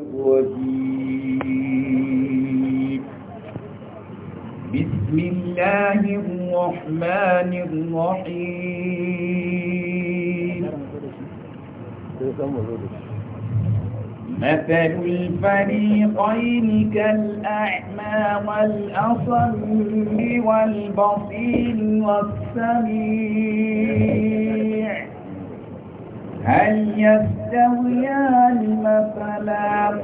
الرجيم بسم الله الرحمن الرحيم مثل الفريقين كالأعمى والأصم والبصير والسميع هل يستويان مثلا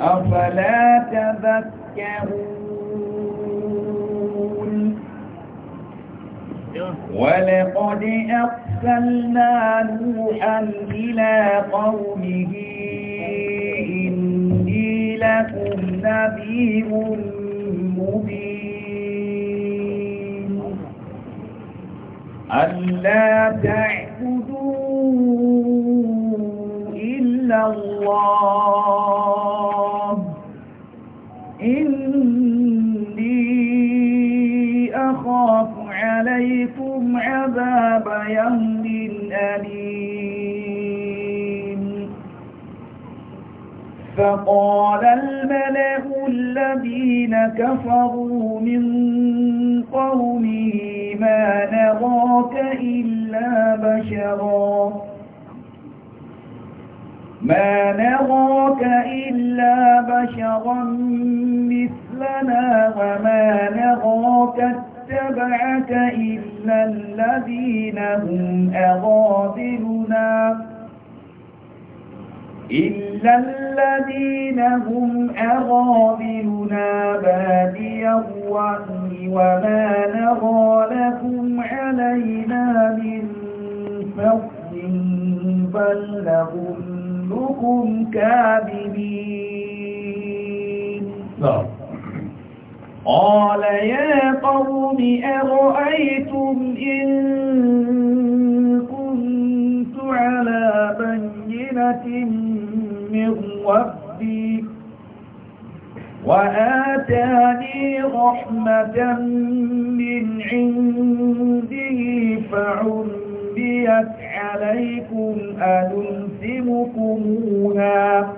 أفلا تذكرون ولقد أرسلنا نوحا إلى قومه إني لكم نذير مبين ألا تعبدوا إلا الله إني أخاف عليكم عذاب يوم أليم فقال الملأ الذين كفروا من قومه ما نراك إلا بشرا ما نراك إلا بشرا مثلنا وما نراك اتبعك إلا الذين هم أغاذلنا إلا الذين هم أغاذلنا بادي الرأي وما نرى لكم علينا من فضل بل لهم كلكم كاذبين نعم. قال يا قوم أرأيتم إن كنت على بينة من ربي وآتاني رحمة من عنده فعلت تليت عليكم أنلزمكموها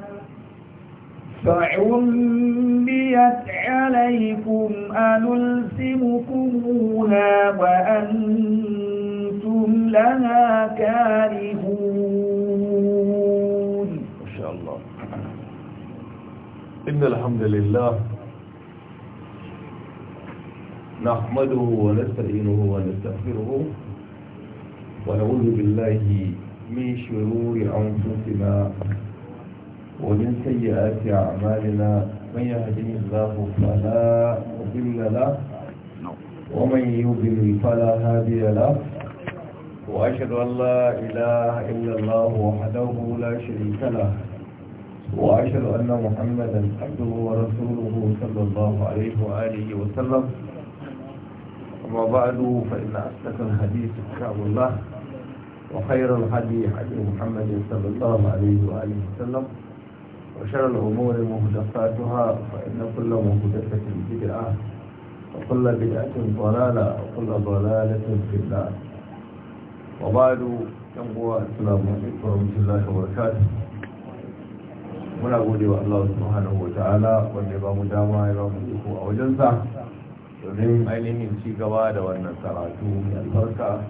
فعميت عليكم أنلزمكموها وأنتم لها كارهون ما شاء الله إن الحمد لله نحمده ونستعينه ونستغفره ونعوذ بالله من شرور أنفسنا ومن سيئات أعمالنا من يهديه الله فلا مضل له ومن يضلل فلا هادي له وأشهد أن لا إله إلا الله وحده لا شريك له وأشهد أن محمدا عبده ورسوله صلى الله عليه وآله وسلم أما بعد فإن أصدق الحديث كتاب الله وخير الهدي هدي محمد صلى الله عليه وآله وسلم وشر الأمور مهدفاتها فإن كل مهدفة بدعة وكل بدعة ضلالة وكل ضلالة في الله وبعد ينبوى السلام عليكم ورحمة الله وبركاته muna gode wa Allah subhanahu wa ta'ala wanda ba mu dama ya ba mu iko a wajensa domin ainihin ci gaba da wannan karatu mai albarka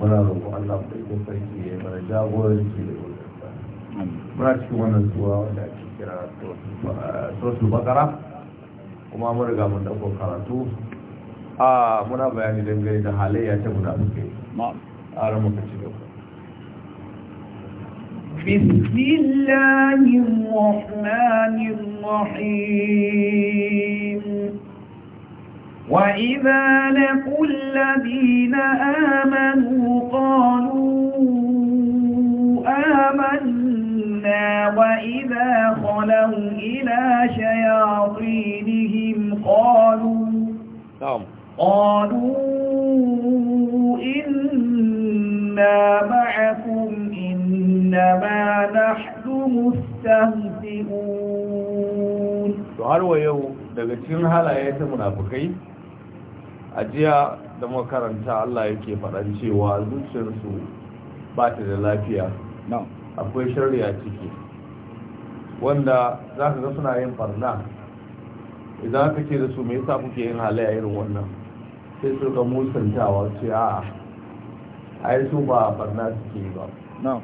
muna roƙo Allah ku ɗauki sarki ya mana jagoranci da roƙonsa muna cikin wannan zuwa wanda ake kira sosu bakara kuma mun riga mun ɗauko karatu a muna bayani dangane da halayya ta guda muke a ran muka ci gaba بسم الله الرحمن الرحيم وإذا لقوا الذين آمنوا قالوا آمنا وإذا خلوا إلى شياطينهم قالوا نعم قالوا إنا معكم إنما نحن مستهزئون سؤال ويو daga cikin آيات ta a jiya da makaranta Allah yake faɗan cewa zuciyarsu ba ta da lafiya akwai shari'a ciki wanda za ka ga suna yin farna idan ka ce da su mai yasa kuke yin halayya irin wannan sai su ga musantawa ce a ai su ba farna suke ba na'am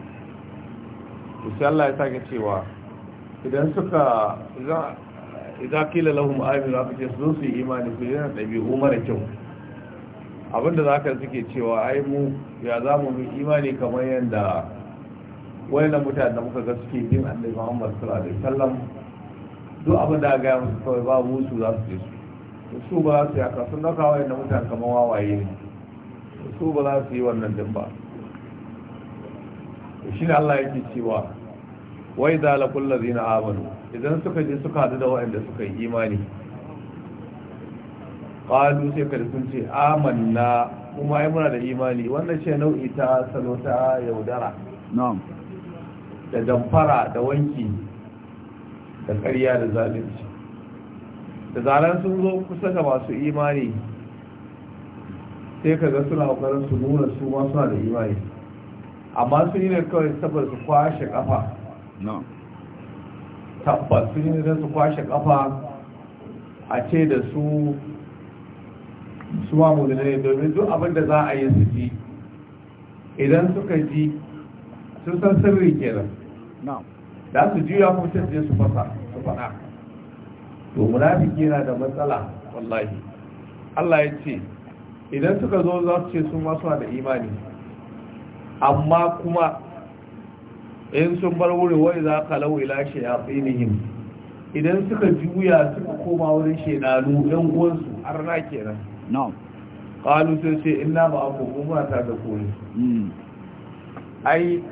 Allah ya sake cewa idan suka idan kila lahum aminu aka ce sun su imani ku yana ɗabi'u mara kyau abinda za ka suke cewa ai mu ya za mu imani kamar yadda Wani na mutane da muka ga suke bin annabi Muhammad sallallahu alaihi wasallam duk abin da ga musu kawai ba su za su je su su ba su yaka sun wani na mutane kamar wawaye ne su ba za su yi wannan din ba shi ne Allah yake cewa wai zalakul zina amanu idan suka je suka hadu da waɗanda suka yi imani ƙalu sai ka sun ce amanna kuma yi muna da imani wannan ce nau'i ta salo ta yaudara da damfara da wanki da ƙarya da zalunci da zaran sun zo kusa ga masu imani sai ka ga suna ƙoƙarin su nuna su masu suna da imani amma sun yi ne kawai saboda su kwashe ƙafa tabbas sun yi su kwashe kafa a ce da su su suwa ne domin duk abin da za a yi su ji idan suka ji sun san sirri ke nan da su ya kuma sai su fasa su fada to munafiki yana da matsala wallahi Allah ya ce idan suka zo za su ce su masu da imani amma kuma in sun bar wurin wai za ka lau ila shayatinihim idan suka juya suka koma wurin shedanu yan uwansu har na nan na'am ƙalu sai ce ina ba aku kuma ta da kone hmm. ai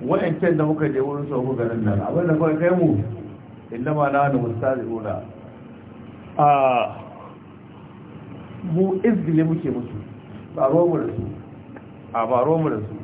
wa'ancan da muka je wurin sauku ganin nan abin da kai mu inda ma na da mustazibuna a mu izgile muke musu ba ruwan mu da su a ba ruwan mu da su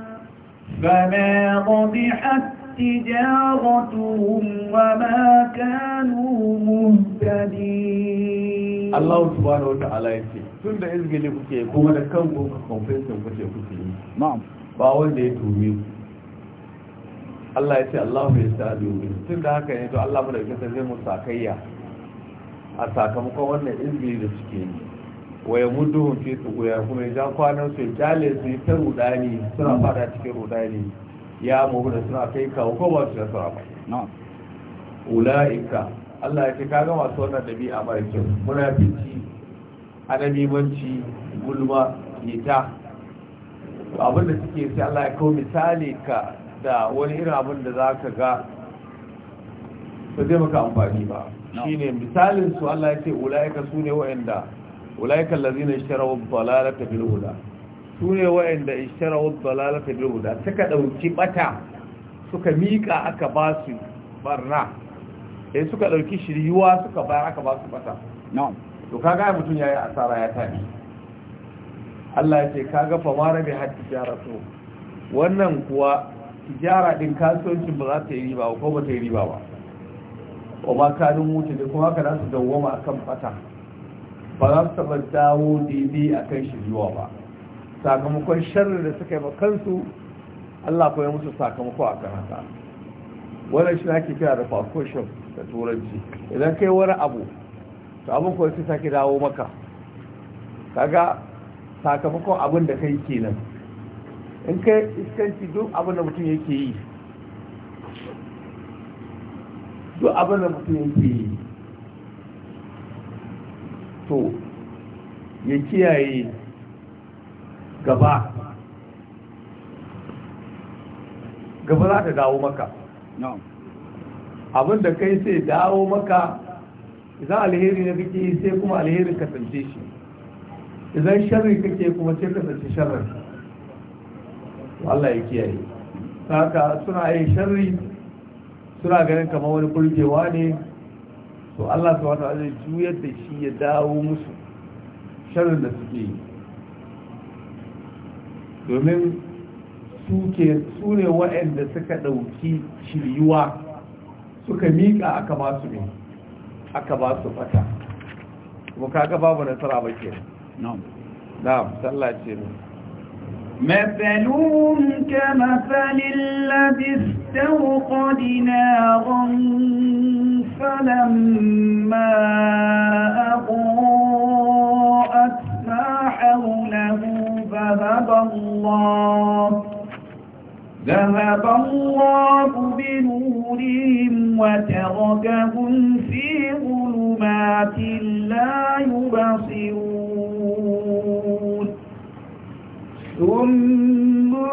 فما قبحت تجارتهم وما كانوا مهتدين الله سبحانه وتعالى يقول tun da izgili kuke kuma da kanku confession kuke kuke yi ba wanda ya tumi ku Allah ya ce Allah ya sa'adu tun da haka ne to Allah mu da kasa zai mu sakayya a sakamakon wannan izgili da suke yi wa ya mudduhun su tsuguya kuma ya kwanan su ya kyale su yi ta rudani suna fada cikin rudani ya mugu da suna kai kawo ko ba su da sura ba ula'ika Allah ya ce kaga masu wannan dabi'a mara kyau munafici adabimanci gulma yita abin da suke sai Allah ya kawo misali ka da wani irin abin da za ka ga ba zai maka amfani ba shine misalin su Allah ya ce ula'ika su ne wa'anda ulaika allazina ishtaraw ad-dalalata bil huda sune wa'anda ishtaraw ad-dalalata bil huda suka dauki bata suka mika aka ba su barna eh suka dauki shiriwa suka bayar aka ba su bata na'am to kaga mutun yayi asara ya tafi Allah ya ce kaga fa mara bi hadd tijaratu wannan kuwa tijara din kasuwancin ba za ta yi riba ko ba ta yi riba ba wa ma kanin mutu da kuma kana su dawoma akan fata ba za su taɓa dawo daidai a kan shi zuwa ba sakamakon sharri da suka yi ba kansu Allah ko ya musu sakamako a kan haka wannan shi ake kira da fakoshin da turanci idan kai wani abu to abin ko sai sake dawo maka kaga sakamakon abin da kai kenan in kai iskanci duk abin da mutum yake yi duk abin da mutum yake yi so ya kiyaye gaba gaba za ta dawo maka abinda kai sai dawo maka za alheri na kake sai kuma alheri kasance shi idan sharri kake kuma sai kasance sharrin Allah ya kiyaye haka suna yin sharri suna ganin kamar wani kurgewa ne to Allah ta wata zai juyar da shi ya dawo musu sharrin da suke yi domin su ne waɗanda suka ɗauki shiryuwa suka miƙa aka ba su ne aka ba su fata kuma kaga babu nasara ba ke na'am sallace ne مثلهم كمثل الذي استوقد نارا فلما أضاءت ما حوله ذهب الله ذهب الله بنورهم وتركهم في ظلمات لا يبصرون ثم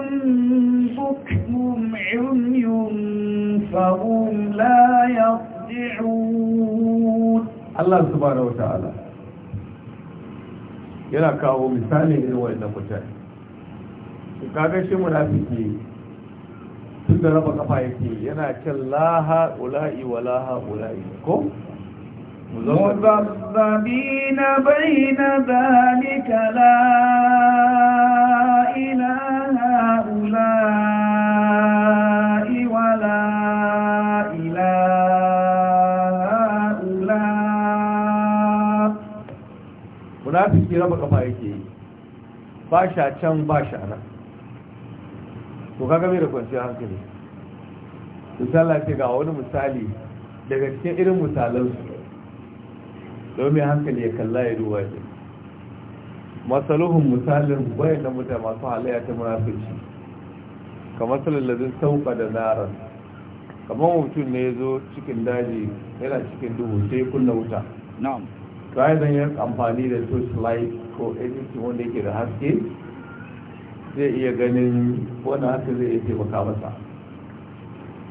بكم عمي فهو Allah subhanahu wata'ala yana kawo misali irin waɗannan mutane kaga shi munafiki tun da raba kafa yake yana cin laha ula'i wa laha ula'i ko مذبذبين bayna zalika la ilaha ula'i munafiki raba kafa yake yi ba sha can ba sha nan to kaga mai da kwanciyar hankali misali ce ga wani misali daga cikin irin misalansu don mai hankali ya kalla ya duba shi masaluhun misalin bayan da mutane masu halayya ta munafici kamar salalladin sauka da naran kamar mutum ne ya zo cikin daji yana cikin duhu sai kunna wuta ta yin amfani da torch light ko anything wanda yake da haske zai iya ganin wani haske zai iya taimaka masa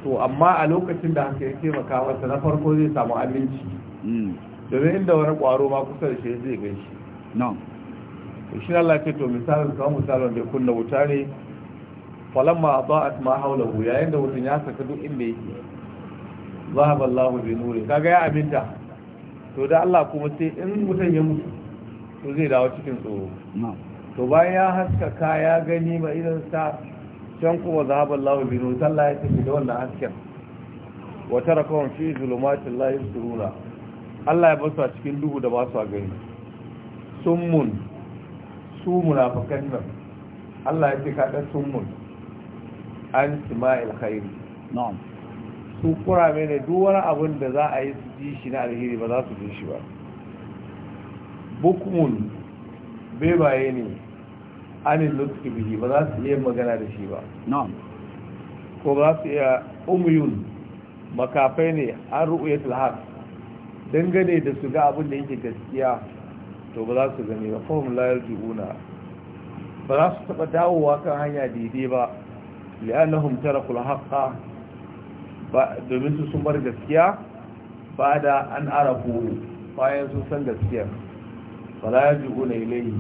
to amma a lokacin da haske ya taimaka masa na farko zai samu aminci hmm. domin inda wani kwaro ma kusa da shi zai gan shi shi Allah ce to misalin kawai misalin da kunna wuta ne ma ba a ma haula yayin da wutan ya saka duk inda yake zahaba Allah bi nuri kaga ya aminta to da Allah kuma sai in mutum ya mutu to zai dawo cikin tsoro to bayan ya haskaka ya gani ba idan sa can kuma zahabar lawa binu sallah ya tafi da wannan hasken wata rakawar fi zulumatin layin suruna Allah ya basu a cikin duhu da ba su a gani summun su munafakan nan Allah ya ce kaɗa summun an sima'il khairi su kurame ne duk wani abin da za a yi su ji shi na alheri ba za su ji shi ba bai baye ne anin lokaci bihi ba za su iya magana da shi ba ko ba su iya umuyun makafai ne an ru'uyat lahar dangane da su ga abin da yake gaskiya to ba za su gani ba fahim layar jihuna ba za su taɓa dawowa kan hanya daidai ba li'annahum kula haqqa domin su sun bar gaskiya ba da an arafu bayan sun san gaskiya ba la yajibu na ilayhi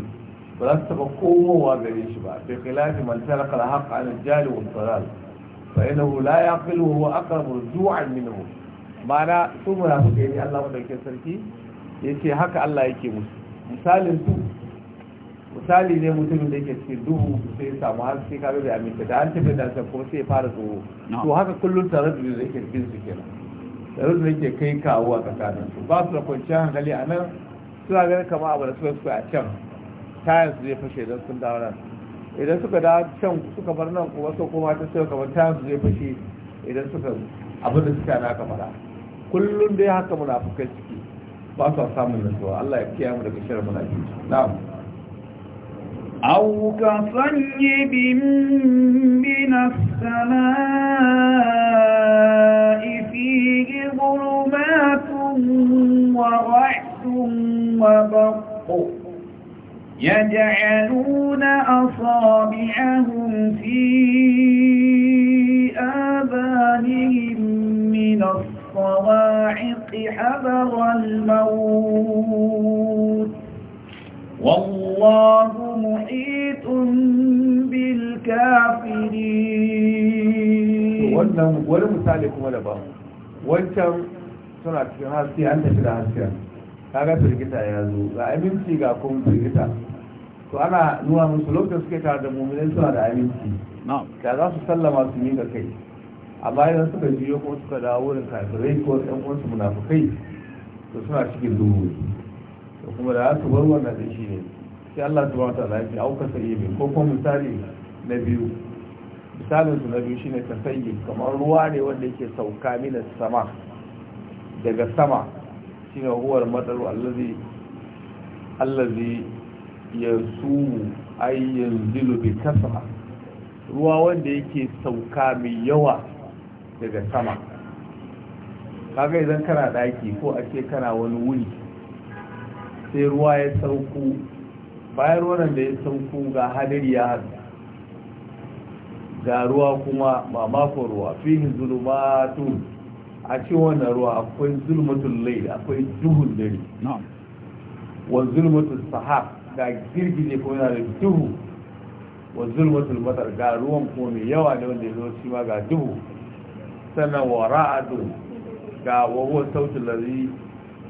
ba za su taba komowa gare shi ba fi khilafi man taraka al-haqq an al-jali wa al Ba fa innahu la yaqilu wa aqrabu ruju'an minhu mana su munafikai ne Allah madaukakin sarki yace haka Allah yake musu misalin su misali ne mutumin da ke cikin duhu sai samu sai kaga bai aminta da an tafi da ko sai fara tsoro to haka kullum tare da da yake bin su kenan tare da yake kai kawo a tsakanin su ba su da kwanciyar hankali a nan suna ganin kama abu da suka suka a can tayan su zai fashe idan sun dawo nan idan suka dawo can suka bar nan kuma suka koma ta sai kamar tayan su zai fashe idan suka abin da suka na kamar kullum dai haka munafukan ciki ba su samun nasuwa Allah ya kiyaye mu daga shirin munafiki na'am أو كصيب من السماء فيه ظلمات ورعد وبرق يجعلون أصابعهم في آبانهم من الصواعق حذر الموت والله محيط بالكافرين wannan wani misali kuma da ba wancan suna cikin haske an tafi da haske kaga firgita ya zo ga aminci ga kuma firgita to ana nuna musu lokacin suke tare da mummuni suna da aminci da za su sallama su ga kai a bayan suka biyo ko suka dawo wurin kafirai ko ɗan uwansu munafukai to suna cikin duhu kuma da aka bar wannan da shi ne sai Allah subhanahu wataala ya ce auka sayyibi ko kuma misali na biyu misalin su na biyu shine ka kamar ruwa ne wanda yake sauka mina sama daga sama shine huwar matsalu allazi allazi yasu ay yanzilu bi kasra ruwa wanda yake sauka mai yawa daga sama kaga idan kana daki ko ake kana wani wuri sai ruwa ya sauku bayan ruwan da ya sauku ga hadari ya haɗu ga ruwa kuma ba mako ruwa fihin zulumatu a cikin wannan ruwa akwai zulmatul lai akwai duhun dare wa zulmatul sahab ga girgije kuma yana da duhu wa zulmatul matar ga ruwan kuma mai yawa ne wanda ya zo shi ma ga duhu sannan wa ra'adu ga wawon sautin lazi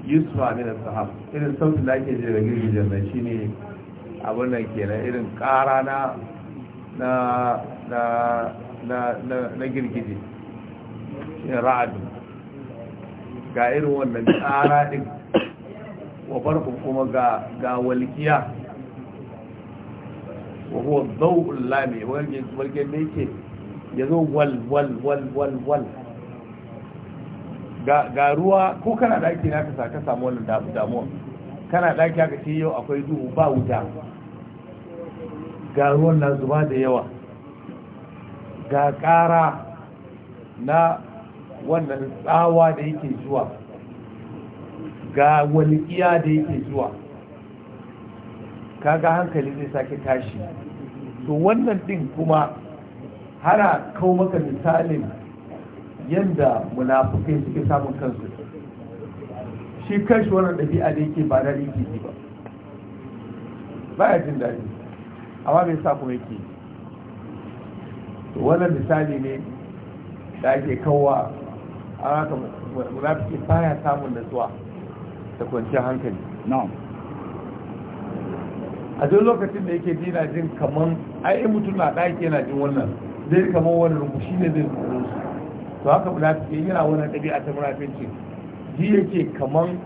yusufa min sahab irin sautin da ake ji da girgijar nan shine abin nan kenan irin kara na na na na na girgije shine ra'adu ga irin wannan kara din wa farko kuma ga ga walkiya wa huwa dawul lami walkiya walkiya ne yake yazo wal wal wal wal wal ga ruwa ko kana ɗaki na kasa ka samu wannan damuwa kana ɗaki aka ce yau akwai duhu ba wuta ga ruwan na zuba da yawa ga kara na wannan tsawa da yake zuwa ga walƙiya da yake zuwa kaga hankali zai sake tashi to wannan din kuma hana kawo maka misalin yadda munafukai suke samun kansu shi kashi wannan ɗabi'a da yake ba na ke ne ba ba ya jin daɗi amma mai sa kuma yake wannan misali ne da ake kawo a haka ba ya samun natsuwa da kwanciyar hankali a duk lokacin da yake dina jin kamar ai mutum na ɗaki yana jin wannan zai kamar wani shi ne zai rubushi to haka munafiki yana wannan ɗabi'a ta munafinci ji yake kaman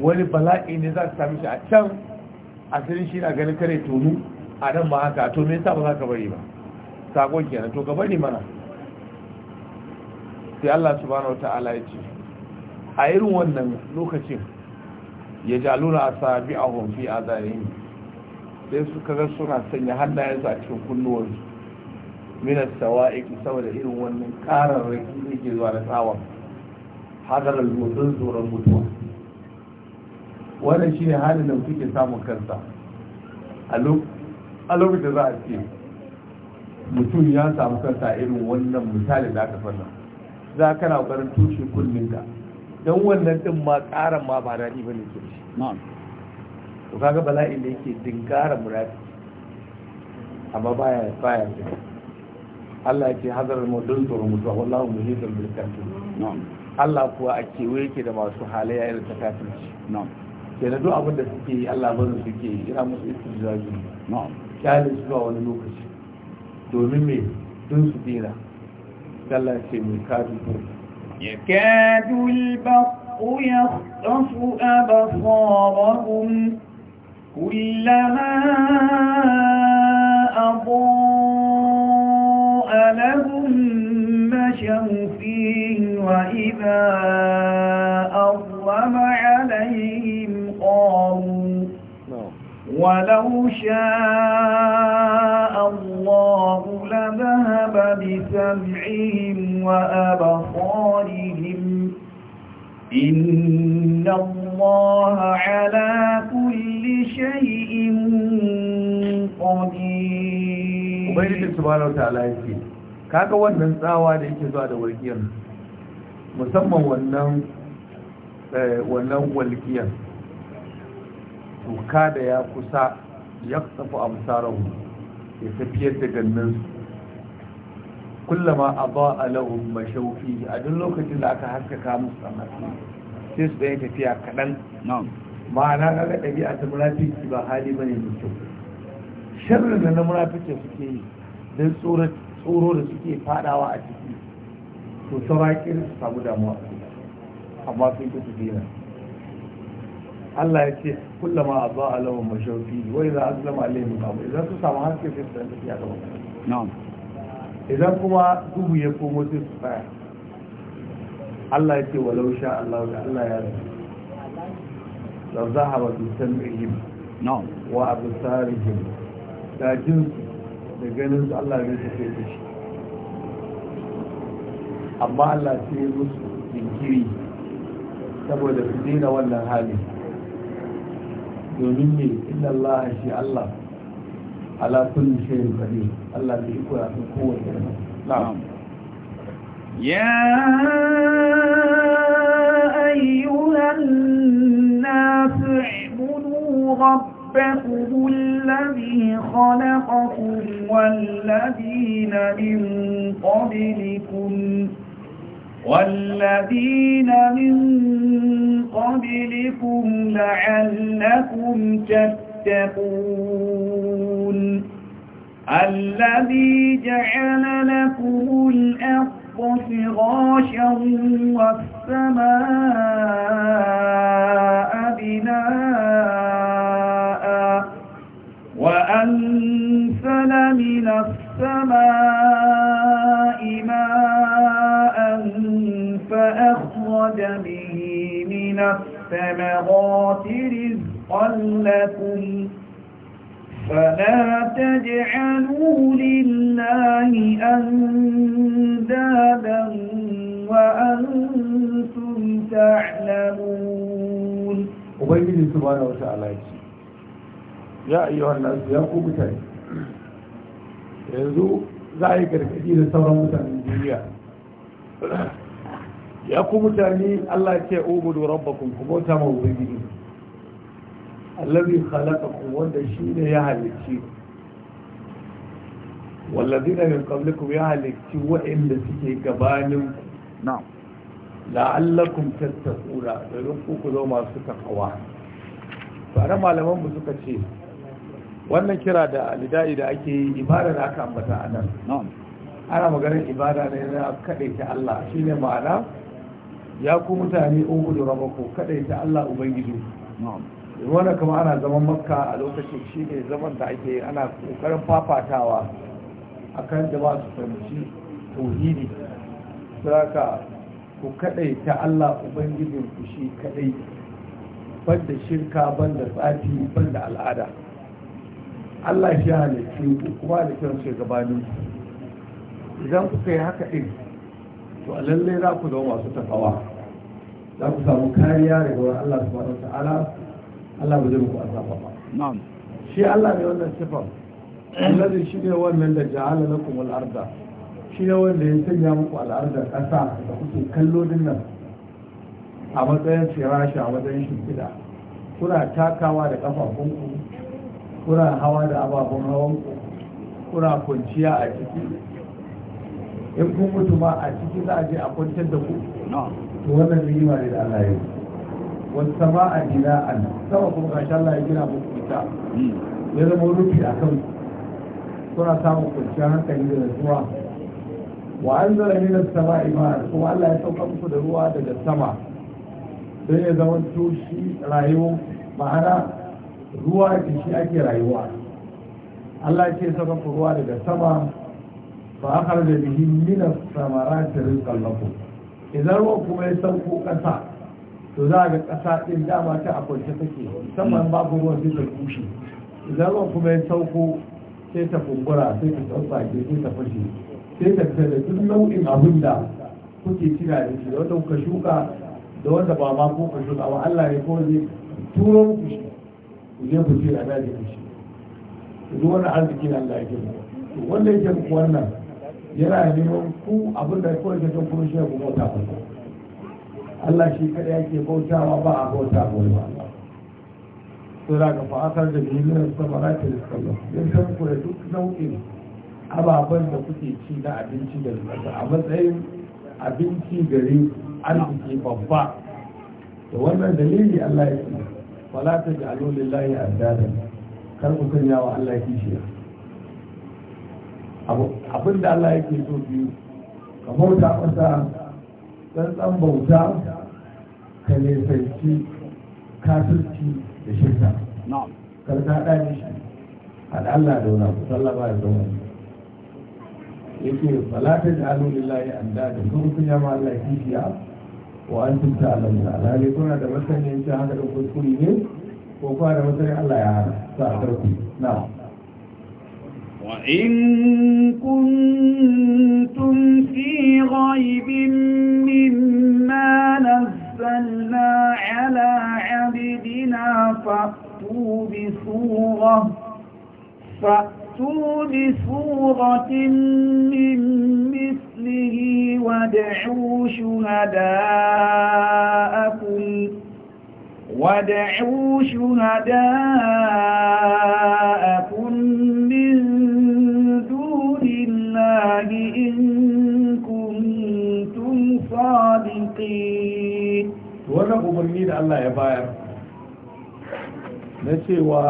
wani bala'i ne za su sami shi a can asirin shi na ganin kare tonu a nan ma haka to me yasa ba za ka bari ba sakon kenan to ka bari mana sai Allah subhanahu wata'ala ya ce a irin wannan lokacin ya a jaluna asabi'ahum fi adanihim sai suka ga suna sanya hannayensu a cikin kunnuwansu minas sawa'iki saboda irin wannan kararraki da ke zuwa da tsawon hadarar motsin tsoron mutuwa wannan shi ne halin da kuke samun kansa a lokacin za a ce mutum ya samu kansa irin wannan misalin da aka fanna za ka na ƙarin tushe kullinka don wannan ɗin ma ƙaran ma ba daɗi ba ne ke shi to kaga bala'in da yake dinkara murafi amma baya baya Allah ya ce hazar mudun turu mutu wallahu muhitul bil kafir Allah kuwa a kewaye ke da masu halayya irin ta kafirci na'am kenan duk abin da suke yi Allah bazan suke yi ina musu istijjabi na'am kyalin zuwa wani lokaci domin me dun su dina Allah ce mai kafin يكاد البق يخطف أبصارهم كلما أضاء لهم مشوا فيه وإذا أظلم عليهم قاموا ولو شاء الله لذهب بسمعهم وأبصارهم إن الله على كل شيء قدير وبين سبحانه وتعالى يسكت kaga wannan tsawa da yake zuwa da walƙiyar musamman wannan eh, wannan walkiyar tuka da ya kusa ya tafi amsararwa ya tafiyar da gannin kullama a ba a lahun mashauki a duk lokacin da aka haskaka musu tsammanin sai su ɗaya tafiya kaɗan ma'ana ga ɗabi'a ta munafiki ba hali ba ne mai kyau sharrin da na munafiki suke yi don tsoron tsoro da suke fadawa a ciki to saurakin su samu damuwa amma sun ki su dina Allah ya ce kullama a ba lawan mashauki wai za a zama alaihim abu. idan su samu haske sai su tafi ya gaba na'am idan kuma duhu ya komo sai su tsaya Allah ya ce walau sha Allah da Allah ya rabu la zahaba bi na'am wa absarihim da jinsu da ganin su Allah zai su ce da shi amma Allah sai ya musu jinkiri saboda su daina wannan hali domin ne inna Allah shi Allah ala kulli shirin qadir Allah zai iko ya san kowace na'am ya ayyuhan nas ibudu rabb ربكم الذي خلقكم والذين من قبلكم والذين من قبلكم لعلكم تتقون الذي جعل لكم الأرض فراشا والسماء بناءً أنزل من السماء ماء فأخرج به من الثمرات رزقا لكم فلا تجعلوا لله أندادا وأنتم تعلمون وبيجي سبحانه وتعالى ya ayyuhan nasu ya ku mutane yanzu za a yi gargaɗi da sauran mutanen duniya ya ku mutane Allah ce ubudu rabbakum ku bauta ma ubangiji allazi khalaqakum wanda shine ya halicci wallazina min qablikum ya halicci inda suke gabanin na la'allakum tattaquna da ku ku zo masu takawa fara malaman mu suka ce wannan kira da lida'i da ake yi ibada da aka ambata a nan ana maganin ibada ne na kaɗaita Allah shi ne ma'ana ya ku mutane in gudu raba ko kaɗaita Allah Ubangiji wanda kama ana zaman makka a lokacin shi ne zaman da ake ana ƙoƙarin fafatawa a kan da ba su fahimci tauhidi saka ku kaɗaita Allah ubangiji ku shi kaɗai banda shirka banda tsafi banda al'ada Allah shi halittu ku kuma da kyan su gabanin idan kuka yi haka ɗin to a lallai za ku zama masu tafawa za ku samu kariya daga wani Allah su ma'ana ta'ala Allah ba zai a zafa ba shi Allah ne wannan sifar alladhi shi ne wannan da ja'ala na kuma arda shi ne wanda ya sanya muku al'arda ƙasa da kuke kallo din nan a matsayin firashi a matsayin shimfiɗa kuna takawa da ƙafafunku kuna hawa da ababen hawan ku. kuna kwanciya a ciki in kun mutu ma a ciki za a je a kwantar da ku to wannan ni'ima ne da Allah ya yi wasu sama'a a gina an sama kuma gashi Allah ya gina muku ita hmm. ya zama rufi a kan kuna samun kwanciyar hankali da nasuwa. wa an zara min sama iman kuma Allah ya sauka muku da ruwa daga sama don ya zama tushi rayuwa ma'ana ruwa da shi ake rayuwa Allah ce saka ruwa daga sama fa akhar da bihi min samarati rizqan lakum idan ruwa kuma ya sauko kasa to za ga kasa din dama ta akwai take musamman babu ruwa sai ta kushi idan ruwa kuma ya sauko sai ta kungura sai ta tsatsake sai ta fashe sai ta fita da duk nau'in abin da kuke kira da shi da wanda kuka shuka da wanda ba ma kuka shuka ba Allah ne kore zai turo shi ku je ku ce a da shi duk wani arziki na Allah yake muku wanda yake muku wannan yana neman ku abin da kawai ke kan kuma shi ku bauta ba Allah shi kada yake bautawa ba a bauta ba ba to da ka fa'atar da jinin samarati da sallah san ku da duk nau'in ababen da kuke ci na abinci da a matsayin abinci gari arziki babba da wannan dalili Allah ya ce wala ta ji alulillahi addadan kar ku sanya wa Allah kishiya abin da Allah yake so biyu ka bauta masa tsantsan bauta ka nesanci kafirci da shirka kar ka ne shi haɗa Allah da wani sallama da zama yake da ta ji a addadan kar ku sanya wa Allah kishiya wa an tunta alamu alhali kuna da masanin ta haka da kuskure ne ko kuma da masanin Allah ya hana sa a karku na وإن كنتم في غيب مما نزلنا على عبدنا فأتوا بسورة فأتوا بسورة من مثل مثله وادعوا شهداءكم وادعوا شهداءكم من دون الله إن كنتم صادقين wannan umarni da Allah ya bayar na cewa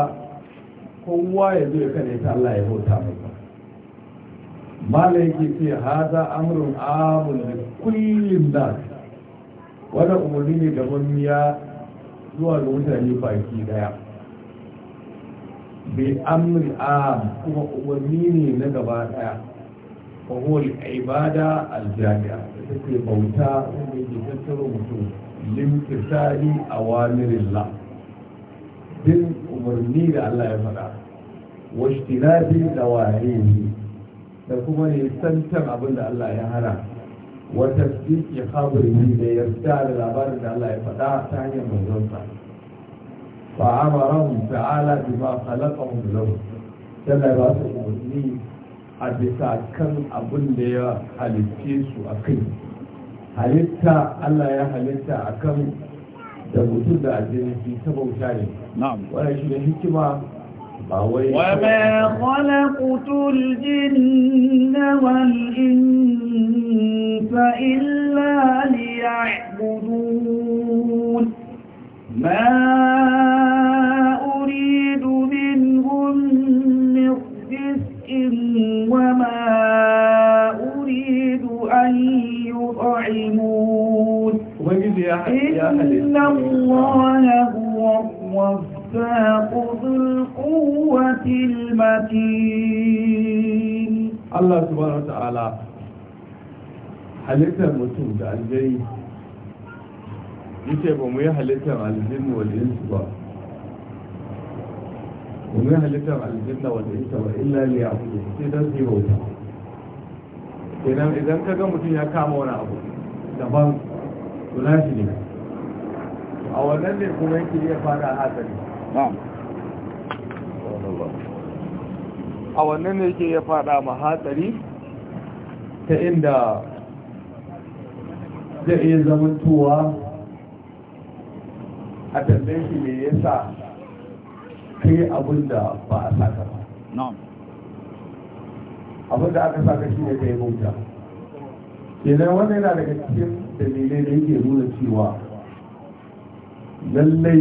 kowa ya zo ya kare Allah ya bauta mala yake ce haza amrun amun da kullum da wadda umarni ne gaban miya zuwa da mutane baki daya bai amri a kuma umarni ne na gaba daya wa huwa al-ibada al da ta ke bauta wanda ke tattaro mutum wamirin la din umarni da Allah ya faɗa da ishtinabi ne da kuma ne can abin da Allah ya hana wata wa tasdiqi yi da yarda da labarin da Allah ya faɗa ta hanyar manzonsa fa mu ta'ala bima khalaqahum lahu Allah ba su umarni a bisa kan abin da ya halitte su a kai halitta Allah ya halitta a kan da mutum da addini ta bauta ne wannan shi ne hikima وما خلقت الجن والإنس إلا ليعبدون ما أريد منهم من وما أريد أن يطعمون إن الله هو الرب الميثاق ذو القوة المتين الله سبحانه وتعالى halittar mutum da aljai yace ba mu yi halittar aljin wal'insu ba ba mu yi halittar aljin da wal'insu ba illa ne a kudu sai don su yi idan ka ga mutum ya kama wani abu daban tuna shi ne a wannan kuma yake iya fara hatsari a wannan ne ke ya fada ma hatsari ta inda zai iya zamantowa a tambayin shi ne ya sa kai abin da ba a sa kama abin da aka ka shi ne ka yi bauta Idan wannan yana daga cikin dalilai da yake nuna cewa lallai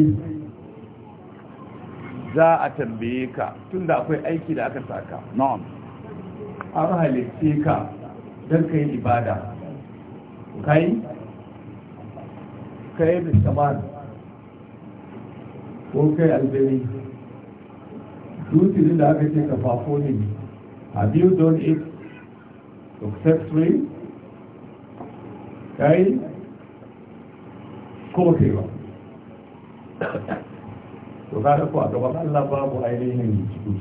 za a tambaye ka tunda akwai aiki da aka saka na'am an halitta ka don ka yi ibada kai kai bisaman ko kai albani dutsen da aka ce ka fafo ne have you done it successfully kai ko kai ba to za ka kuwa gaban Allah babu ainihin ciki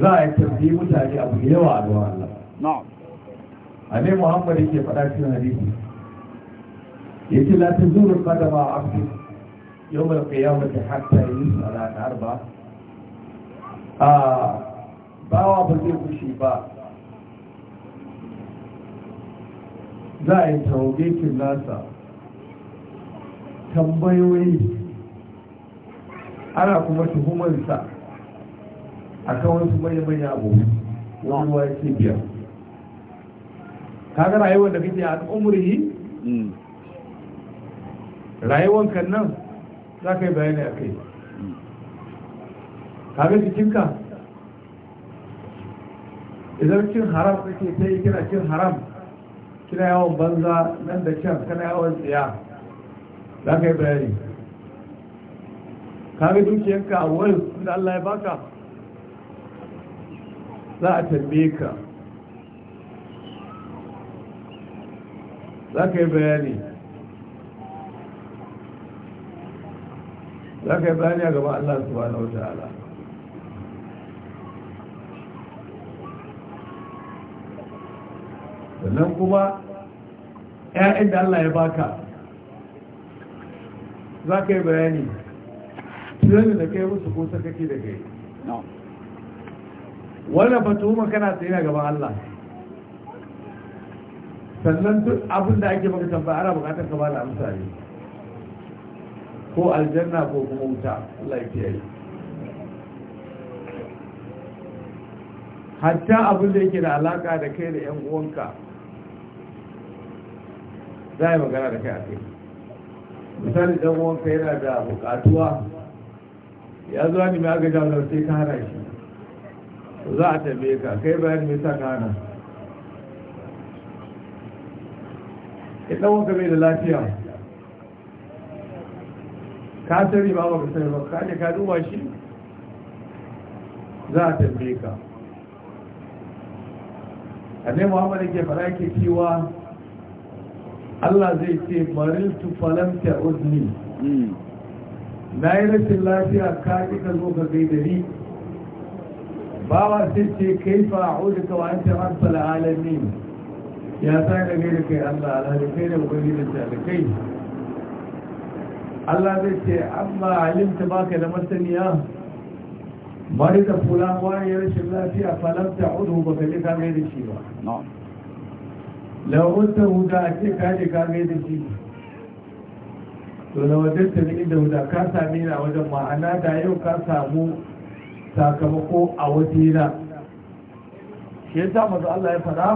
za a tafi mutane abu da yawa a gaban Allah ne Muhammad yake faɗa cikin hadisi yace la tazuru qadama abdi yawm al ta hatta yus'ala an arba a bawa ba zai fushi ba za a yi tawgetin nasa tambayoyi ana kuma tuhumarsa a kan wasu manya-manya abu wani wa ce biyar kaga rayuwar da kake a umri hmm. rayuwar kan nan za ka yi bayani a kai kaga jikinka idan cin haram kake ta yi kina cin haram kina yawon banza nan da can kana yawon tsiya za ka yi bayani kare dukiyanka a wurin da Allah ya baka za a tambaye ka za ka yi bayani za ka yi bayani a gaba Allah subhanahu wata ala sannan kuma 'ya'yan da Allah ya baka za ka yi bayani tunanin da kai musu ko sakaki da kai wanda ba tuhuma kana tsaye na gaban Allah sannan duk abin da ake maka tambaya ana bukatar ka da amsa ne ko aljanna ko kuma wuta Allah ya yi hatta abin da yake da alaka da kai da 'yan uwanka za a yi magana da kai a kai misali dan wanka yana da bukatuwa ya zuwa ne mai agaja wanda sai ka hana shi za a tabe ka kai bayani mai sa ka hana idan wanka bai da lafiya ka sani ba baka sani ba ka ne ka duba shi za a tabe ka ne muhammadu ke fara ke cewa Allah zai ce mariltu falamta uzni hmm. na yi rashin lafiya ka ƙi ka zo ka gaida ni bawa sai ce kai fa a ƙudu ka wancan rabbal alamin ya sa ka da kai Allah alhali kai da ubangi da kai? Allah zai ce amma ta baka da masaniya mari da fulan wani rashin lafiya falamta uzu ba ka ƙi ka da shi ba lawanta huda a ce ka je ka gai da shi to lawanta ne inda huda ka sami ni a wajen ma'ana da yau ka samu sakamako a wajena shi ya sa masu Allah ya faɗa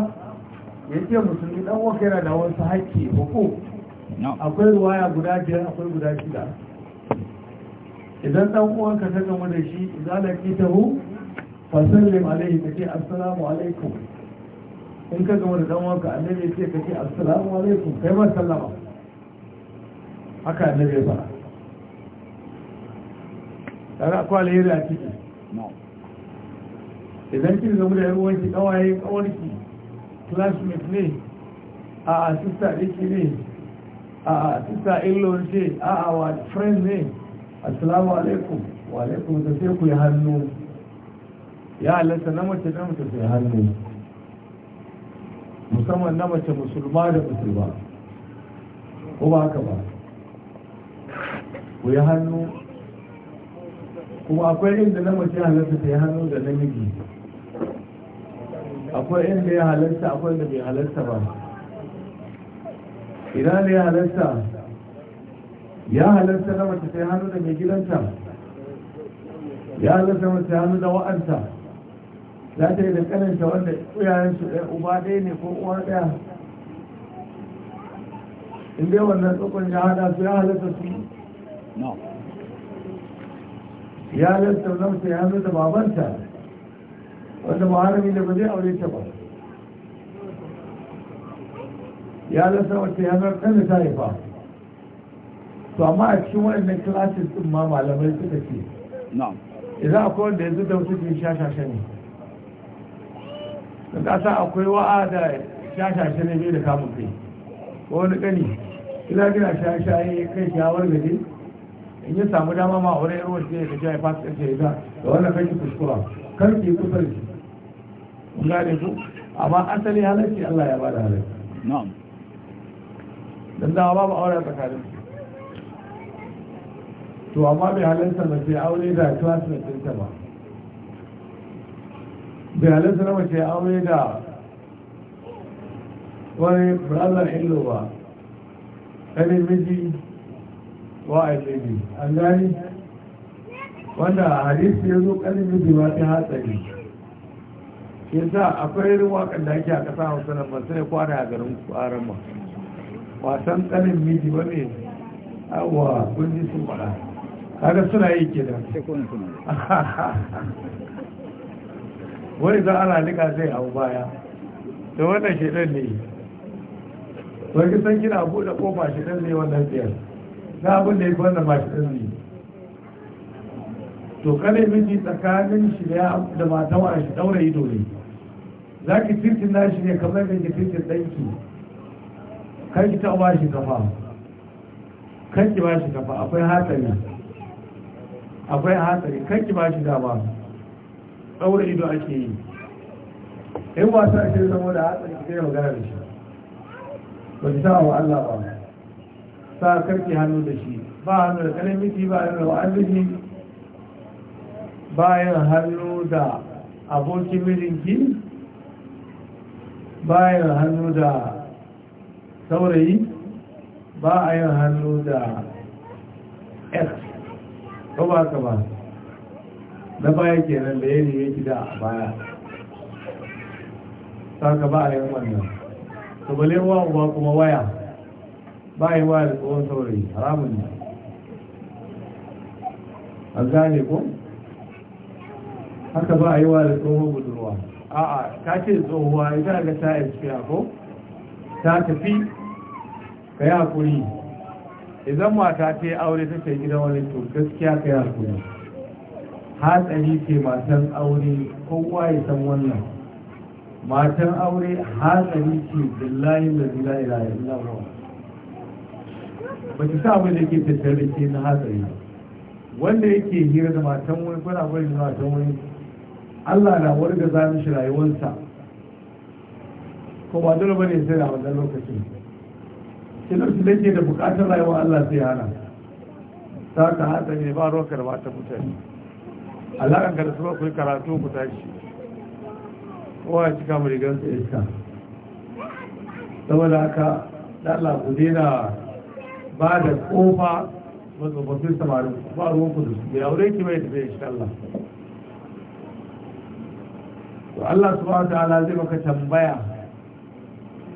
ya ce musulmi dan waka yana da wasu haƙƙi hukuk akwai ruwaya guda biyar akwai guda shida idan ɗan ka ta gama da shi idan da ƙi ta hu fasallim alaihi ta ce assalamu alaikum in ka gama da ka annabi ce ka ce assalamu alaikum kai ma sallama haka annabi ba Da kaga akwai alheri a ciki idan kin gamu da yawanci kawaye kawarki classmate ne a a sista ɗiki ne a a sista illo ce a a wa friend ne assalamu alaikum wa alaikum ta sai ku yi hannu ya halatta na mace na mace sai hannu musamman na mace musulma da musulma ko ba haka ba ku yi hannu kuma akwai inda na mace halarta ta yi hannu da namiji akwai inda ya halarta akwai inda bai halarta ba idan ya halarta ya halarta na mace ta yi hannu da mai gidanta ya halarta mace ta yi hannu da wa'anta za ta yi da karanta wanda iyayensu ɗaya uba ɗaya ne ko uwa ɗaya in dai wannan tsokon ya hada su ya halatta su ya halatta zamta ya halatta babanta wanda muharami da ba zai aure ta ba ya halatta wata ya halatta da ta haifa to amma a cikin waɗannan classes ɗin ma malamai suka ce idan akwai wanda yanzu da wasu ke shashashe ne da sa akwai wa'a da shashashe ne bai da kamun kai ko wani gani ina gina shashaye kai shawar gani in ya samu dama ma aure yar wasu ya kashe ya fasa kashe ya da wannan kai kuskura kar ki kusa shi kun gane ku amma asali halarci Allah ya bada halarci na'am dan da babu aure tsakanin to amma bai halarta mace aure da classmate ta ba bai na mace aure da wani brother illo ba kane miji wa aiki an gani wanda a hadisi ya zo kanin miji ba ta hatsari Ya sa akwai irin wakan da ake a ƙasa hausa nan ba sai kwana a garin kwaran ma wasan kanin miji ba ne awa kun ji sun faɗa kaga suna yi kenan Wani za ana nika zai hau baya da wannan shaidan ne wai san kina buɗe kofa shaidan ne wannan tsayar na abin da ya wannan ba shaidan ne to kane miji tsakanin shi da mata wa shi daura ido ne za ki titin na shi ne kamar da ki titin ɗanki kan ki taɓa shi kafa kan ki ba shi kafa akwai hatsari akwai hatsari kan ki ba shi dama tsaura ido ake yi in wasa ake zama da hatsari sai magana da shi ba ki wa Allah ba sa karki hannu da shi ba hannu da kanin miki ba hannu da wa'an bayan hannu da abokin mijinki bayan hannu da saurayi ba a yin hannu da x ba ba ka ba na baya kenan da ya neme da a baya ka ba a yi wannan to bale wa kuma waya ba yi waya da tsohon saurayi haramun ne an gane ko haka ba a yi waya da tsohon budurwa a'a ta ce tsohuwa ita ga ta ya ko ta tafi ka yi hakuri idan mata ta yi aure ta ce gidan wani to gaskiya ka yi hakuri hatsari ce matan aure kowa ya san wannan matan aure hatsari ce billahi da zila da illallah ba ta sa abin da ke tattare da ke na hatsari wanda yake hira da matan wani kuna wani da matan wani Allah na warga za mishi rayuwarsa ko ba dole bane sai da wannan lokacin shi su da ke da bukatar rayuwar Allah sai hana ta ka hatsari ne ba ruwan karba ta mutane Allah ka da su karatu ku tashi kowa ya cika mu rigar su iska saboda haka da Allah ku dina ba da kofa matsofaffin samarin ba ruwan ku da su bai aure ki bai tafiya insha Allah to Allah subhanahu ta'ala zai maka tambaya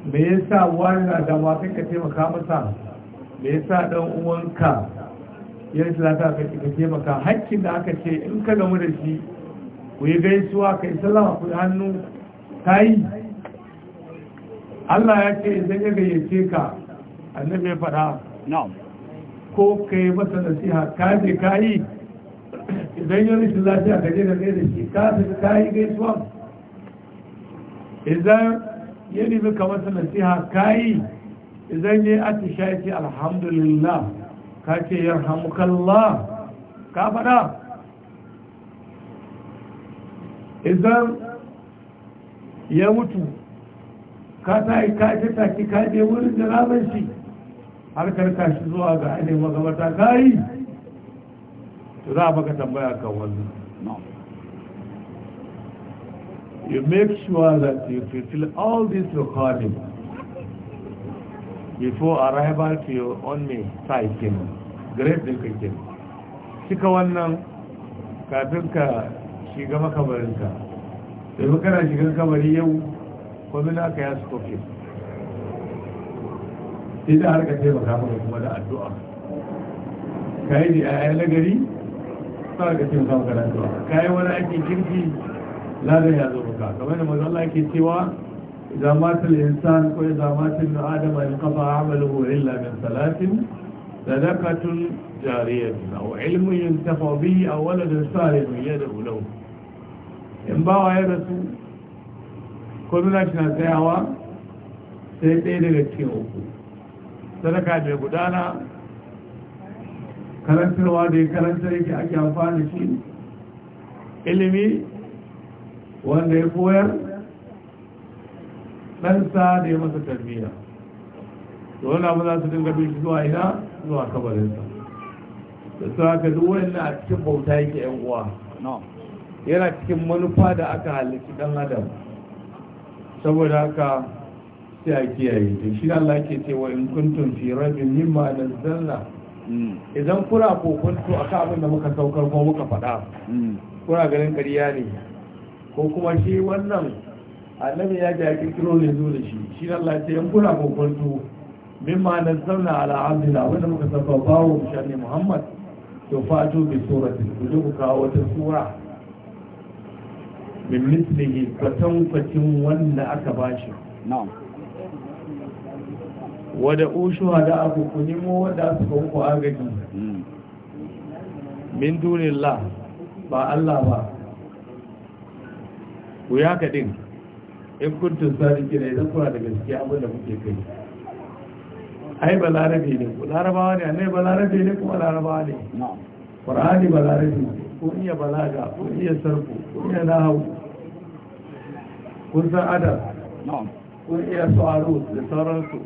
me yasa wani na da ma kai ka taimaka masa me yasa dan uwanka yin silata ka ka taimaka hakkin da aka ce in ka gamu da shi ku yi gaisuwa ka yi salama ku hannu ta yi Allah ya ce idan ya gayyace ka annabi ya faɗa ko ka yi masa nasiha ka je ka yi idan yi rashin lafiya ka je da kai da shi ka tafi ka yi gaisuwa idan ya nemi ka masa nasiha ka yi idan ya yi atisha ya ce alhamdulillah ka ce yarhamukallah ka faɗa idan ya mutu ka ta ka ce taki ka je wurin jarabar shi har karka shi zuwa ga ainihin magabata ka yi to za a baka tambaya ka wannan you make sure that you fulfill all these requirements before arrival to your own mai sa kenan grade din ka kenan kika wannan kafin ka shiga makabarinka sai na shiga kabari yau kuma na aka ya su kofi sai har ka taimaka maka kuma da addu'a ka yi da ayyar nagari sa ka taimaka maka da addu'a ka yi wani aikin kirki ladan ya zo maka kamar da mazalla ke cewa إذا مات الإنسان وإذا مات ابن آدم انقطع عمله إلا من ثلاث صدقة جارية أو da ينتفع به أو ولد صالح يدعو له in ba wa ya rasu ko nuna shi na tsayawa sai ɗaya daga cikin uku sadaka da gudana karantarwa da ya karantar yake ake amfani shi ilimi wanda ya koyar ɗansa da ya masa tarbiyya da wani abu za su dinga bin shi zuwa ina zuwa kabarinsa da su haka duk wani a cikin bauta yake yan uwa yana cikin manufa da aka halittu ɗan adam saboda haka sai a kiyaye da shi Allah ke ce wa in kuntum fi rabbin mimma nazzalna mm. idan kuna kokunto akan abin da muka saukar ko muka faɗa mm. kuna ganin ƙarya ne ko kuma shi wannan annabi ya ga kiro ne zo da shi shi Allah ce yan kuna kokwanto na zauna ala abdina wanda muka saba bawo shani Muhammad to fato bi surati ku je ku kawo wata sura min mislihi kwatan kwatin wanda aka bashi na'am wada ushu hada aku ku nemo wanda suka muku agaji hmm. min dunillah ba Allah ba ku ya kadin in kuntun sadiki ne idan kuna da gaske abin da muke kai ai balarabe ne ku larabawa ne annai balarabe ne kuma larabawa ne ƙwararri balarabe ne ko iya balaga ko iya sarfu ko iya nahau kun san adam ko iya tsaro da sauransu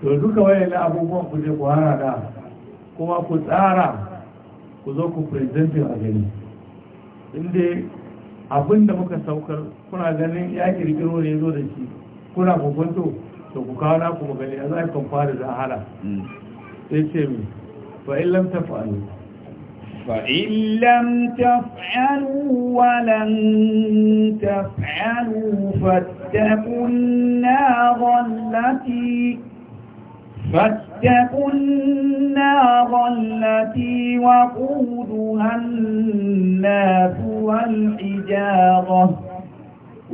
to duka wayan abubuwan ku je ku hana da kuma ku tsara ku zo ku presentin a gani inda Abinda muka saukar kuna ganin ya kirkiro ne zo da shi kuna kokonto to ku kawo ku magani a za ka fara da hala hmm. sai ce mi fa illam taf'alu fa illam taf'alu wa lan taf'alu fattaqun nar allati فاتقوا النَّارُ الَّتِي وَقُودُهَا النَّاسُ وَالْحِجَارَةُ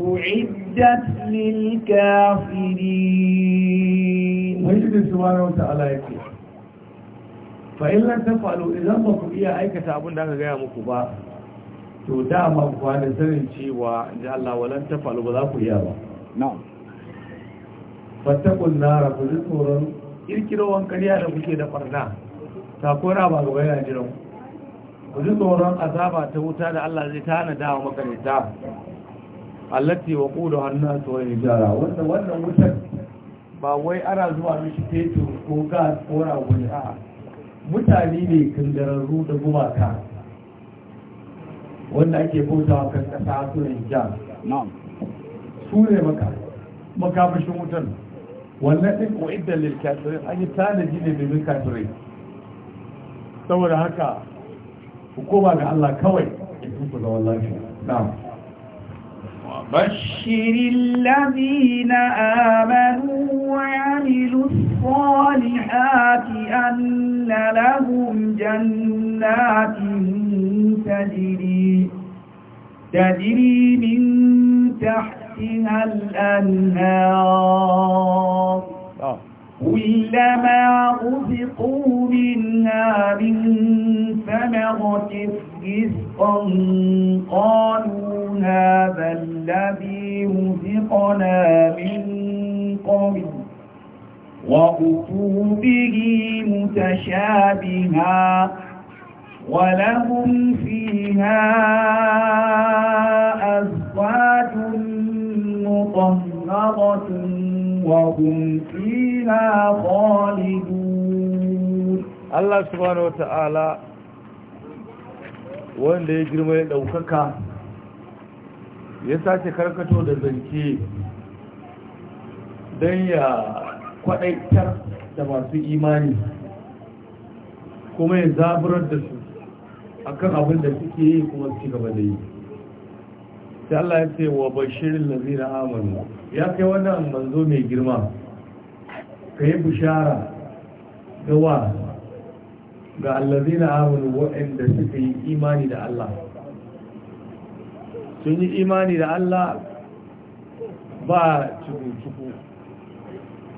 أُعِدَّتْ لِلْكَافِرِينَ وَيَجِدُ سُبْحَانَهُ وَتَعَالَى يَقُولُ فَإِنْ لَمْ تَفْعَلُوا إِذًا فَكُلُّ أَيْكَتَ أَبُنْ دَكَ غَيَا مُكُ بَا تو دَامَ فَانَ سَرِنْ وإن إِنْ اللَّهُ وَلَنْ تَفْعَلُوا بَذَا كُيَا نَعَمْ فاتقوا النَّارَ فَذِكْرُهُ kirkirowan karya da kuke da farna sakona ba ga bayan jiran ku ji tsoron azaba ta wuta da Allah zai tana da makarita allati wa qulu hanna to ya jara wannan wannan wutar ba wai ana zuwa mishi fetur ko gas ko rago a mutane ne kangararru da gumaka wanda ake bautawa kan kasa su ne ja na'am su ne maka makafishin wutar wannan ɗin ƙo'idan lilkafirin an yi tanadi ne domin kafirai saboda haka hukuma ga Allah kawai in kuku zaman lafiya na'am وبشر الذين آمنوا وعملوا الصالحات أن لهم جنات تجري تجري من تحت فيها الأنهار آه. كلما رزقوا منها من ثمرة رزقا قالوا هذا الذي رزقنا من قبل وأتوا به متشابها ولهم فيها أزواج مطهرة وهم فيها خالدون wanda ya girma ya ɗaukaka ya sace karkato da zance don ya kwaɗaitar da masu imani kuma ya zaburar da su akan abin da suke yi kuma su gaba da yi sai Allah ya ce wa bashirin na amanu ya kai wannan manzo mai girma ka yi bishara ga wa ga na amanu waɗanda suka yi imani da Allah sun yi imani da Allah ba cuku-cuku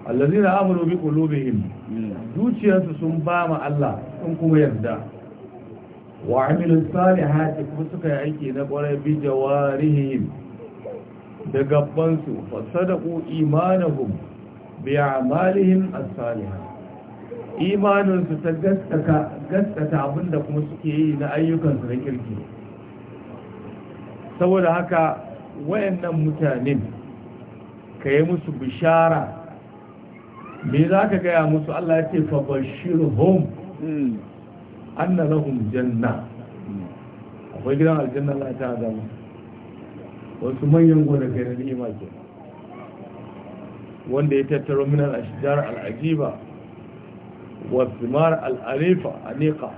allazina amanu bi qulubihim hmm. zuciyarsu sun ba ma Allah sun kuma yarda wa amilu salihati kuma suka yi aiki na kwarai bi jawarihim da gabbansu fasadaqu imanahum bi a'malihim a salihah imanin ta gaskata gaskata abinda kuma suke yi na ayyukansu na kirki saboda haka wayannan mutanen kai musu bishara me zaka gaya musu Allah ya ce fa Home? anna lahum janna akwai gidan aljanna Allah ta adamu wasu manyan kai na ni'ima ke wanda ya tattaro min al-ashjar al-ajiba wa thimar al a aniqa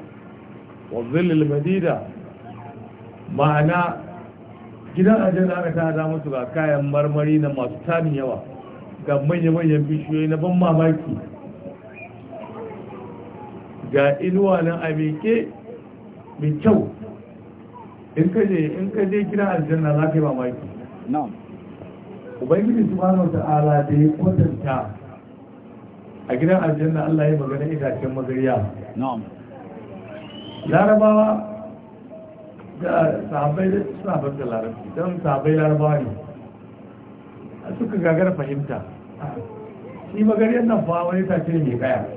wa dhill al-madida ma'ana gidan aljanna aka ta adamu su ga kayan marmari na masu tanin yawa ga manya-manyan bishiyoyi na ban mamaki ga inuwa nan a miƙe mai kyau in ka je in ka je gidan aljanna za ka yi mamaki ubangiji subhanahu wa ta'ala da ya kwatanta a gidan aljanna Allah ya magana itacen magariya larabawa da sahabai da suna da larabci don sahabai larabawa ne suka gagara fahimta shi magariyar nan fa wani tace ne mai kaya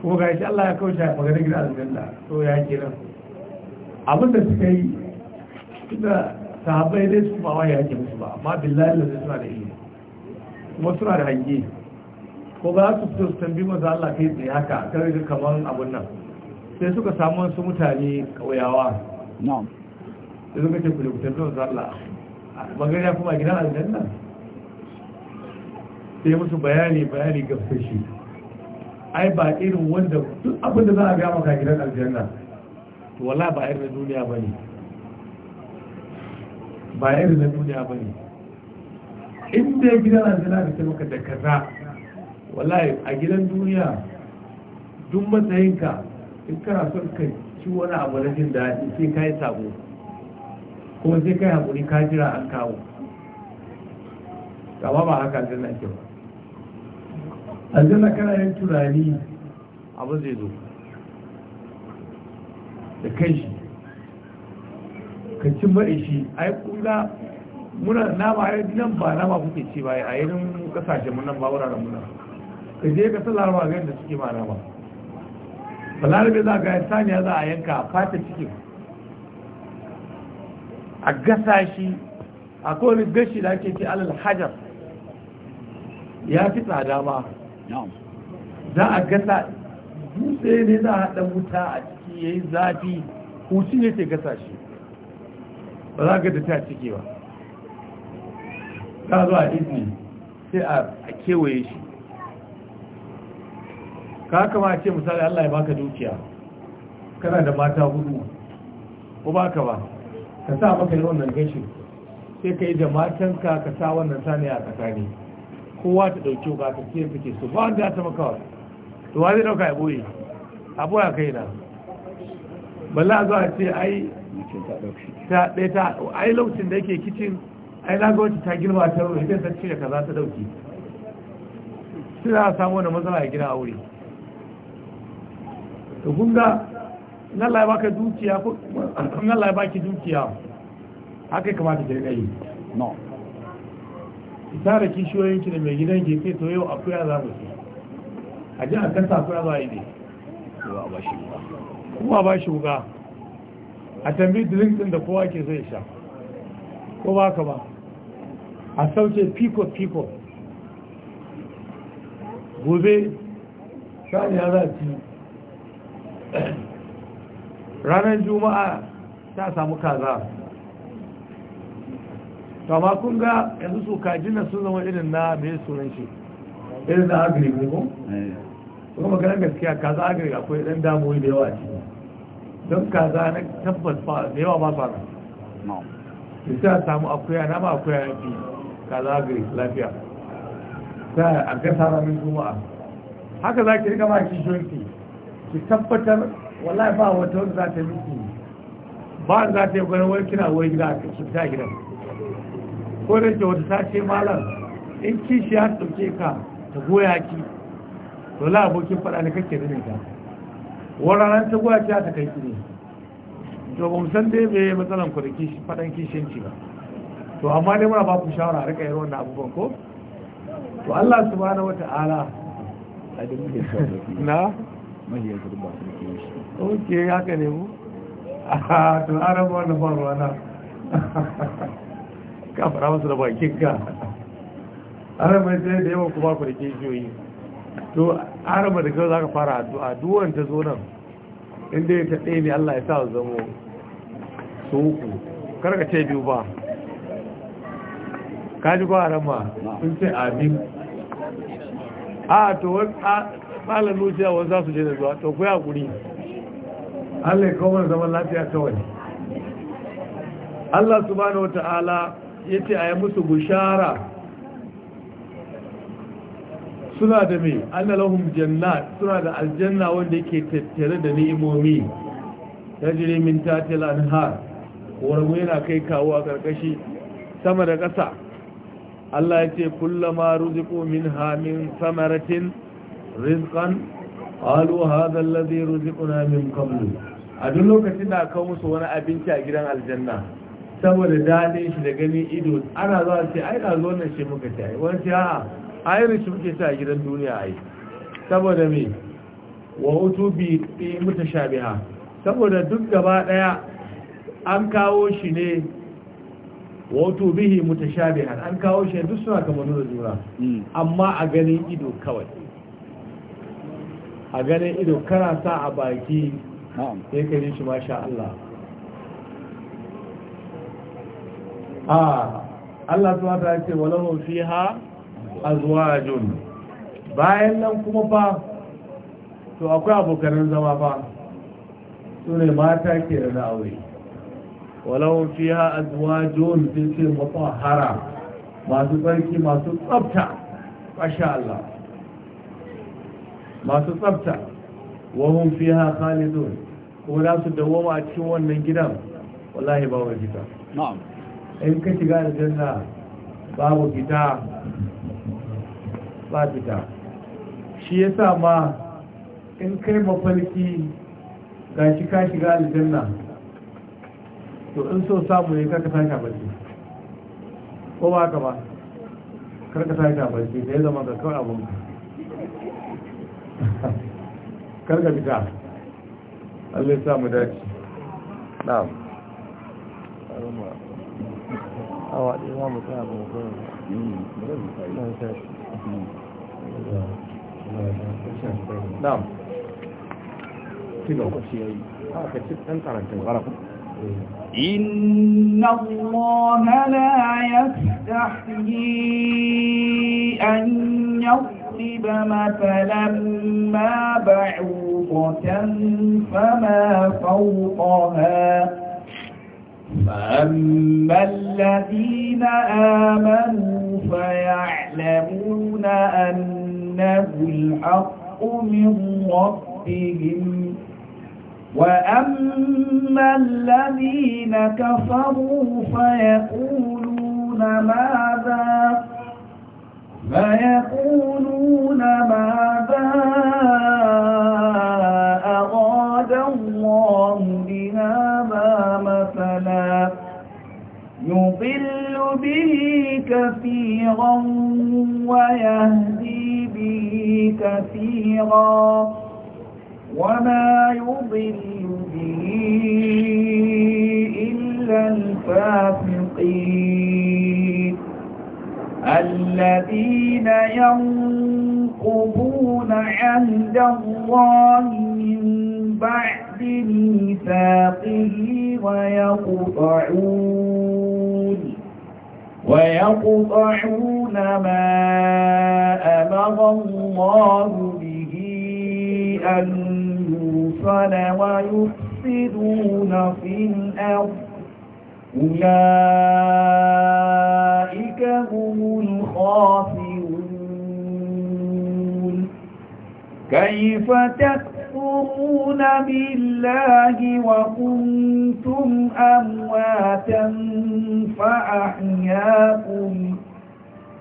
ko ga shi Allah ya kauce a maganin gida aljanna to ya ke nan da suka yi tunda sahabai dai su ba waya ke musu ba amma billahi da suna da iya kuma suna da hange ko ba su fito su tambi masu Allah kai tsaye haka kan rika kaman abun nan sai suka samu wasu mutane kauyawa da sai suka ce ku da kutar maza Allah maganin ya kuma gina aljanna sai musu bayani bayani gafashi ai ba irin wanda duk abin da za a gama ka gidan aljanna to wala ba irin na duniya ba ne ba irin na duniya ba ne inda ya gidan aljanna da ta maka da kaza wallahi a gidan duniya duk matsayinka in kana son ka ci wani abu na jin daɗi sai ka yi sabo kuma sai ka yi haƙuri ka jira an kawo gaba ba haka aljanna ke ba aljanna kana yin turani abin zai zo da kai shi ka ci mai shi ai kula muna ba, ai nan ba ba kuke ce ba a yanin kasashen mun nan ba wuraren muna ka je ka sa laraba ga yadda suke ma ba ba larabe za ga saniya za a yanka a fata cikin a gasa shi a kowane gashi da ake ce alal hajar ya fi tsada ba. za a gasa dutse ne za a haɗa wuta a ciki ya yi zafi huci ne ke gasa shi ba za ga da ta cike ba ta zo a izini sai a kewaye shi ka kama ce misali allah ya baka dukiya kana da mata hudu ko ba ka ba ka sa maka yi wannan gashi sai ka yi da matanka ka sa wannan saniya a tsakani kowa ta ɗauki ba ta ce fike so ba wanda ya taba kawai to wani zai ɗauka ya ɓoye a ya kai na balla zuwa ce ai ta ɗaya ta ai lokacin da yake kicin ai na ga wacce ta girma ta ruwa idan ta cire kaza ta ɗauki a samu wani matsala ya gina aure to kun ga in Allah baka dukiya ko in ya baki dukiya haka kamata jirgin ayi. yi no tara kishiyoyinki da mai gidan ke sai to yau akuya za mu ci a ji a kanta akuya za a yi ne Kuma ba shi wuka kowa ba shi wuka a tambi drink din da kowa ke zai sha ko ba ka ba a sauce piko piko gobe shani ya za ci ranar juma'a ta samu kaza kama kun ga yanzu su kajin na sun zama irin na mai sunan shi irin na agri ne ko eh. kuma maganar gaskiya kaza agri akwai dan damuwa da yawa ce don kaza na tabbas da yawa ba sa su sai samu akuya na ma akuya ya fi kaza agri lafiya Ta a ga saramin juma'a haka za ki riga ma ki shonki ki tabbatar wallahi ba wata wanda za ta miki ba za ta yi gwanin wani kina wai gida a cikin gidan. ko da wata sace malam in kishi ya tsoke ka ta goya ki to la abokin faɗa ne kake da ta wararen ta goya ki ta kai ki ne to ba san dai yi matsalan ku da kishi faɗan kishin ba to amma dai muna ba ku shawara a rika yin wannan abubuwan ko to Allah subhanahu Ala. a duk da sauki na mahiyar turba su ke shi ok haka ne mu to an raba wannan faruwa na ka fara masa da bakin ka arama sai da yawa kuma ku da kishiyoyi to arama da kawai za ka fara addu'a duwan ta zo nan inda ya taɗe ne allah ya sa zamo su uku ka ce biyu ba ka ji ba arama sun ce amin a to wani malar wani za su je da zuwa to ku ya guri allah ya kawo zaman lafiya kawai Allah subhanahu wata'ala ya ce a yi musu bushara suna da mai lahun janna suna da aljanna wanda yake tattare da ni'imomi ta jiri min tatil an har ƙoramu yana kai kawo a ƙarƙashi sama da ƙasa Allah ya ce kullama ruziko min hamin samaratin rizkan alu zallazi ruziko na min kamlu a duk lokacin da kawo musu wani abinci a gidan aljanna saboda daɗin shi da ganin ido ana zuwa a ce ai na zo nan ce muka ci ai wani ce a irish muke sa a gidan duniya ai saboda me wa hutu bi muta shabiha saboda duk gaba ɗaya an kawo shi ne wa hutu bihi muta shabiha an kawo shi duk suna kamar nuna jura hmm. amma a ganin ido kawai a ganin ido kana sa a baki sai ka shi masha Allah Ah, Allah su wata ce walahun fi ha a zuwa jun bayan nan kuma ba to akwai abokanin zama ba su ne mata ke da na aure walahun fi ha a zuwa jun sun ce mafahara masu tsarki masu tsabta ƙasha Allah masu tsabta wahun fi ha khalidun kuma za su dawo a cikin wannan gidan wallahi ba wa in ka shiga da janna babu fita ba fita shi ya sa ma in kai mafalki ga shi ka shiga aljanna to in so samu ne karka sa a ko ba ka ba karka sa a da ya zama ga kawai abin karka fita allai samu dace na'am أو الإمام نعم آه، إن الله لا يستحيي أن يضرب مثلا ما بعوضة فما فوقها فأما الذين آمنوا فيعلمون أنه الحق من ربهم وأما الذين كفروا فيقولون ماذا فيقولون ماذا مثلا يضل به كثيرا ويهدي به كثيرا وما يضل به إلا الفاسقين الذين ينقضون عهد الله من بعد بميثاقه ويقطعون ويقطعون ما أمر الله به أن يوصل ويفسدون في الأرض أولئك هم الخاسرون كيف تكفر تستغيثون بالله وكنتم أمواتا فأحياكم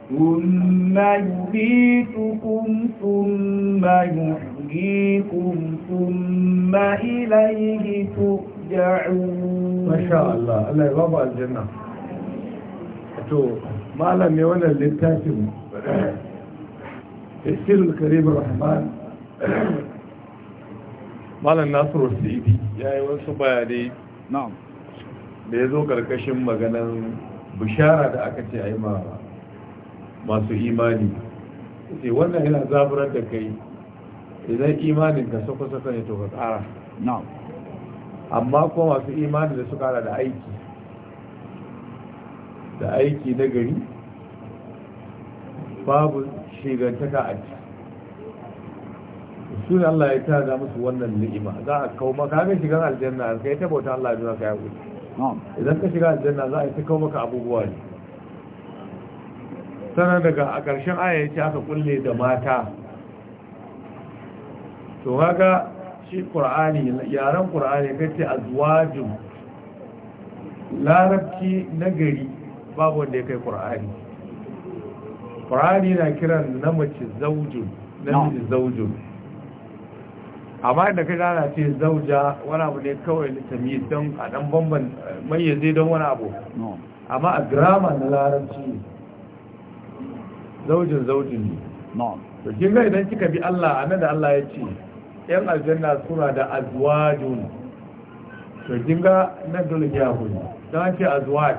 ثم يبيتكم ثم يحييكم ثم إليه ترجعون ما شاء الله الله يبابا الجنة ما malam ne اللي littafin السير الكريم الرحمن malam nasiru sidi ya yi wasu bayanai da ya zo karkashin maganan bishara da aka ce a yi masu imani ce wannan yana zaburar da kai idan imanin ka su kusa ne to ka tsara amma kuma masu imani da suka da aiki da aiki na gari babu shigantaka a ciki su ne Allah ya tada musu wannan ni'ima za a kawo maka ga shiga aljanna kai ta bauta Allah ya ka yawo idan ka shiga aljanna za a yi ta kawo maka abubuwa ne sana daga a ƙarshen aya ce aka kulle da mata to haka shi qur'ani yaran qur'ani a azwajum larabci nagari babu wanda ya kai qur'ani qur'ani na kiran na mace zaujun namiji amma da kai gana ce zauja wani abu ne kawai litami don a dan ya mayyaze don wani abu amma a grama na larabci zaujin zaujin ne to kin gai idan kika bi Allah a da Allah ya ce yan aljanna suna da azwajun to kin na nan dole ya huri dan an ce azwaj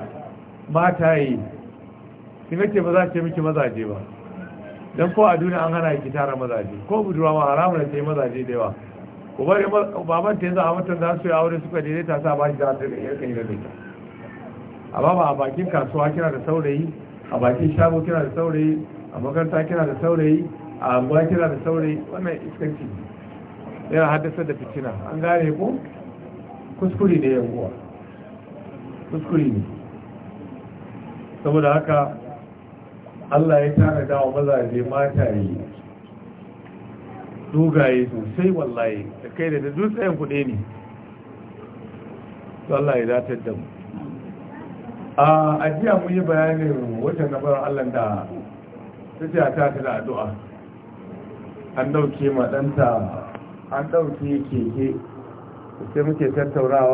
mataye kin ga ce ba za ce miki mazaje ba don ko a duniya an hana ki tara mazaje ko budurwa ma haramun ne mazaje da yawa ubar baban ta yanzu a watan za su yi aure suka daidaita sa ba shi da ta yarka yi da ta amma ba a bakin kasuwa kina da saurayi a bakin shago kina da saurayi a makaranta kina da saurayi a anguwa kina da saurayi wannan iskanci yana haddasa da fitina an gane ko kuskure ne yankuwa kuskure ne saboda haka Allah ya da wa mazaje mata yi dogaye sosai wallahi da kai da dutsen kuɗe ne Allah za ta damu a ajiya mun yi bayanin na gabar Allah da suke a ta da addu'a an dauke madanta an dauke keke sai muke tattaurawa